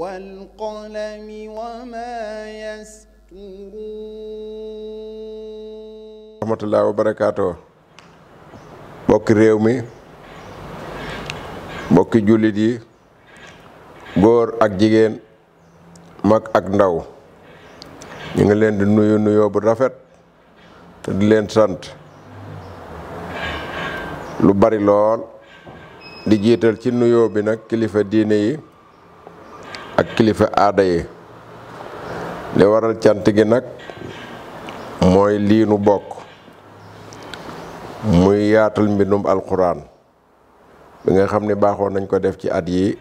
والقلم وما يسطرون rahmatullahi wa réew mi mbokki jullit yi góor ak jigéen mag ak ndaw ñu ngi leen di nuyu nuyoo bu rafet te di leen sant lu bari lool di jiital ci nuyoo bi nag kilifa diine yi ak kilifa aada yi li waral cant gi nag mooy liinu bokk muy yaatal mbindum alxuraan bi nga xam ni baaxoon nañ ko def ci at yi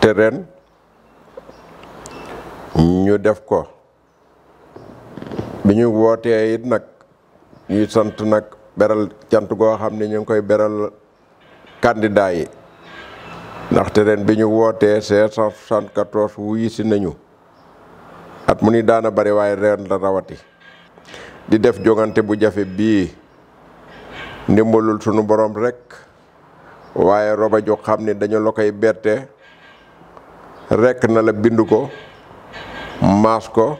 te ren ñu def ko bi ñuy wootee it nag ñuy sant nag beral cant goo xam ne ñu ngi koy beral candidat yi ndaxte ren bi ñu wootee 574 wuyu si nañu at mu ni daana bari waaye ren la rawati di def jongante bu jafe bii ndimbalul sunu boroom rekk waaye roba ju xam ne dañu la koy berte rekk na la bind ko maas ko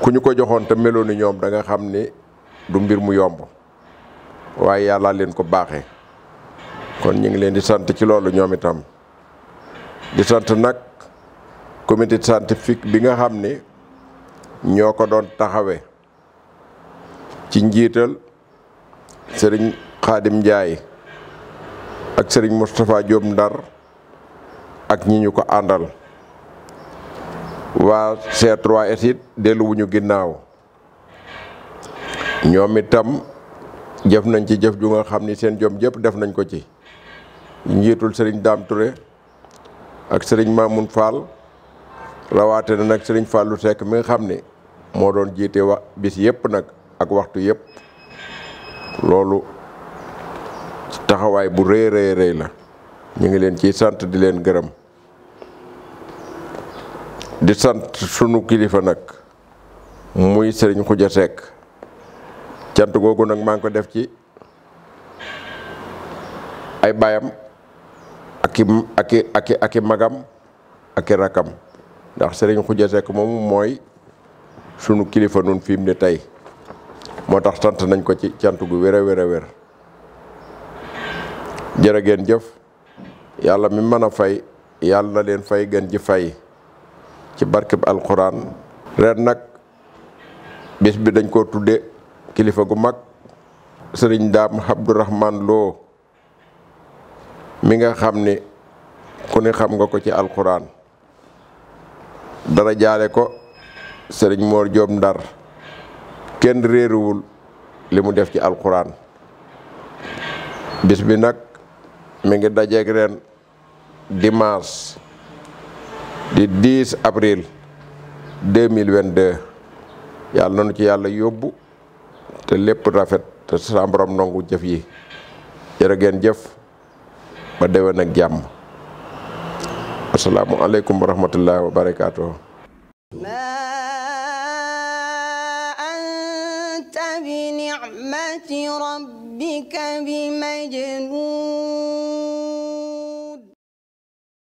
ku ñu ko joxoon te melooni ñoom da xam ni du mbir mu yomb waaye yàlla leen ko baaxe kon ñu ngi leen di sant ci loolu ñoom itam di sant nag comité scientifique bi nga xam ni ñoo ko doon taxawe ci njiital sëriñ Xaadim Njaay ak sëriñ Moustapha Diop Ndar ak ñi ñu ko àndal waa C3S delluwuñu ginnaaw ñoom itam jëf nañ ci jëf ju nga xam ni seen jom jëpp def nañ ko ci njiitul sëriñ Daam ak sëriñ Mamoun Fall rawaate na nag sëriñ Fallou Seck mi nga xam ni moo doon jiite wa bis yëpp nag ak waxtu yépp loolu taxawaay bu rëy rëy rëy la ñu ngi leen ciy sant di leen gërëm di sant sunu kilifa nag muy sëriñ Xuja Seck cant googu nag maa ngi ko def ci ay baayam ak i ak i magam ak rakam ndax sëriñ Khoudia moom mooy sunu kilifa nun fi mu ne tey moo tax sant nañ ko ci cant gu wér a wér a wér jërë jëf yàlla mi mën fay yàlla na leen fay gën ji fay ci barkeb alquran ren nag bis bi dañ koo tudde kilifa gu mag sëriñ daam Abdourahman Lo mi nga xam ni ku ne xam nga ko ci alquran dara jaare ko sëriñ Mor Diop Ndar kenn réeruwul li mu def ci alquran bis bi nag mi ngi dajeeg ren dimanche di 10 avril 2022 yàlla nanu ci yàlla yóbbu te lépp rafet te sa borom nangu jëf yi jërë ngeen jëf ba déwén ak jàmm asalaamualeykum wa rahmatullahi wa barakaatuh بنعمة ربك بمجنون